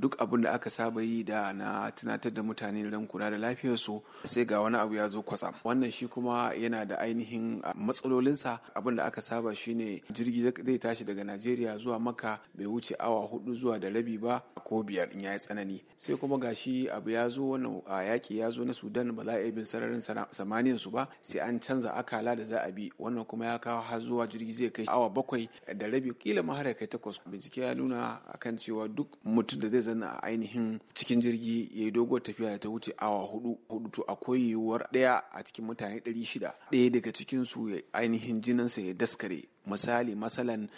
duk abin da aka saba yi da na tunatar da mutane don kula da lafiyarsu sai ga wani abu ya zo kwatsam wannan shi kuma yana da ainihin matsalolinsa abin da aka saba shine jirgi zai tashi daga najeriya zuwa maka bai wuce awa hudu zuwa da rabi ba ko biyar in ya yi tsanani sai kuma gashi abu ya zo wannan yaƙi ya zo na sudan ba za a bin sararin samaniyar su ba sai an canza akala da za a bi wannan kuma ya kawo har zuwa jirgi zai kai awa bakwai da rabi kila ma har kai takwas bincike ya nuna akan cewa duk mutum da zai zana a ainihin cikin jirgi ya yi doguwar tafiya da ta wuce awa hudu hudu to akwai yiwuwar ɗaya a cikin mutane ɗari shida ɗaya daga cikinsu ya ainihin jininsa ya daskare misali masalan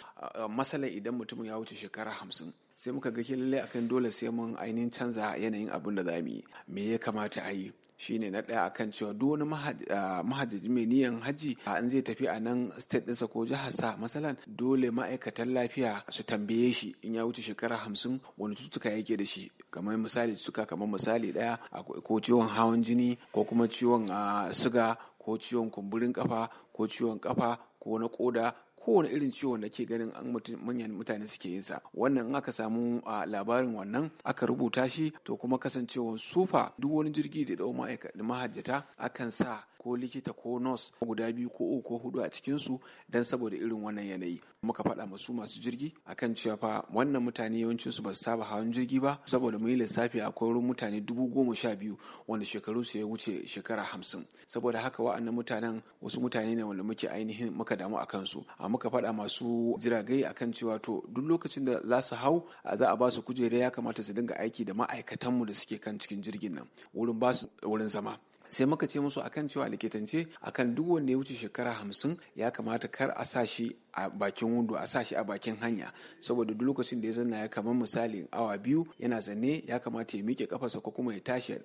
masalan idan mutum ya wuce shekara hamsin sai muka ga lallai akan dole sai mun ainihin canza yanayin abin da za mu yi me ya kamata a yi shine na ɗaya akan cewa duk wani ah, mahajjaji mai niyan haji an ah, zai tafi a nan state ɗinsa ko jiharsa masalan dole ma'aikatan lafiya su tambaye shi in ya wuce shekara hamsin wani cututtuka yake da shi kamar misali cututtuka kamar misali ɗaya ko ciwon hawan jini ko kuma ciwon ah, suga ko ciwon kumburin kafa ko ciwon kafa ko na koda kowane irin ciwon da ke ganin an manyan mutane suke yin sa wannan in aka samu a labarin wannan aka rubuta shi to kuma kasancewan sufa duk wani jirgi da dau ma'aikata mahajjata akan sa ko likita ko nurse guda biyu ko uku ko hudu a cikinsu don saboda irin wannan yanayi muka faɗa masu masu jirgi akan cewa fa wannan mutane yawancinsu ba su saba hawan jirgi ba saboda mun yi lissafi akwai wurin mutane dubu goma sha biyu wanda shekaru su ya wuce shekara hamsin saboda haka wa'annan mutanen wasu mutane ne wanda muke ainihin muka damu a kansu a muka fada masu jiragai akan cewa to duk lokacin da za su hau za a ba su kujera ya kamata su dinga aiki da ma'aikatanmu da suke kan cikin jirgin nan wurin ba su wurin zama sai muka ce musu akan cewa likitance akan duk wanda ya wuce shekara hamsin ya kamata kar a sa shi a bakin wundo a sa shi a bakin hanya saboda duk lokacin da ya zanna ya kamar misali awa biyu yana zanne ya kamata ya miƙe kafarsa ko kuma ya tashi ya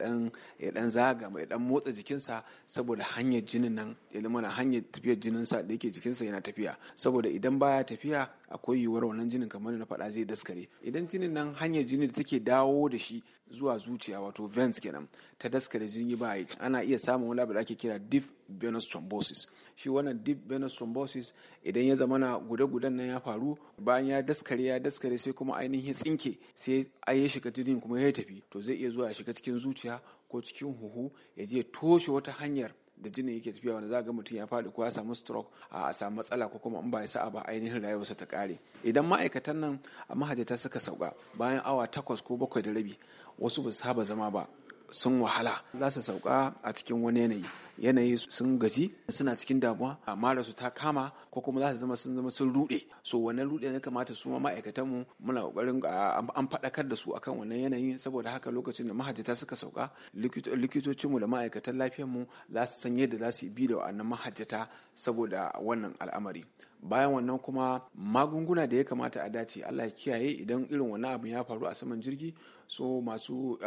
dan zaga ya dan motsa jikinsa saboda hanyar jinin nan ya zama hanyar tafiyar jinin sa da yake jikinsa yana tafiya saboda idan baya tafiya akwai yiwuwar wannan jinin kamar na faɗa zai daskare idan jinin nan hanyar jini da take dawo da shi zuwa zuciya wato veins kenan ta daskare jini ba ana iya samun wani abu da ake kira deep venous thrombosis shi wannan deep venous thrombosis idan ya zama na gudan gudan nan ya faru bayan ya daskare ya daskare sai kuma ainihin tsinke sai a ya shiga jinin kuma ya tafi to zai iya zuwa ya shiga cikin zuciya ko cikin huhu ya je toshe wata hanyar da jinin yake tafiya wanda za ga mutum ya faɗi ko ya samu stroke a samu matsala ko kuma in ba ya sa'a ba ainihin rayuwarsa ta ƙare idan ma'aikatan nan a mahajjata suka sauka bayan awa takwas ko bakwai da rabi wasu ba su saba zama ba sun wahala za su sauka a cikin wani yanayi yanayi sun gaji suna cikin damuwa mara su ta kama ko kuma za su zama sun zama sun rude so wannan rude ne kamata su ma mu muna kokarin an faɗakar da su akan wannan yanayin saboda haka lokacin da mahajjata suka sauka likitocin mu da ma'aikatan lafiyar mu za su san yadda za su bi da wannan mahajjata saboda wannan al'amari bayan wannan kuma magunguna da ya kamata a dace Allah ya kiyaye idan irin wannan abu ya faru a saman jirgi so masu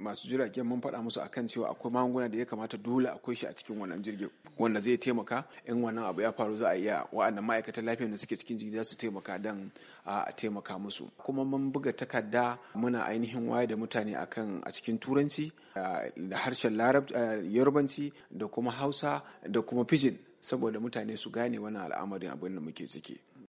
masu jiragen mun faɗa musu akan cewa akwai magunguna da ya kamata dole akwai shi a cikin wannan jirgin wanda zai taimaka in wannan abu ya faru za a iya wa'annan ma'aikatan lafiya da suke cikin jirgin za su taimaka dan a taimaka musu kuma mun buga takarda muna ainihin waye da mutane akan a cikin turanci da harshen yarbanci da kuma hausa da kuma pidgin saboda mutane su gane wannan al'amarin abin da muke ciki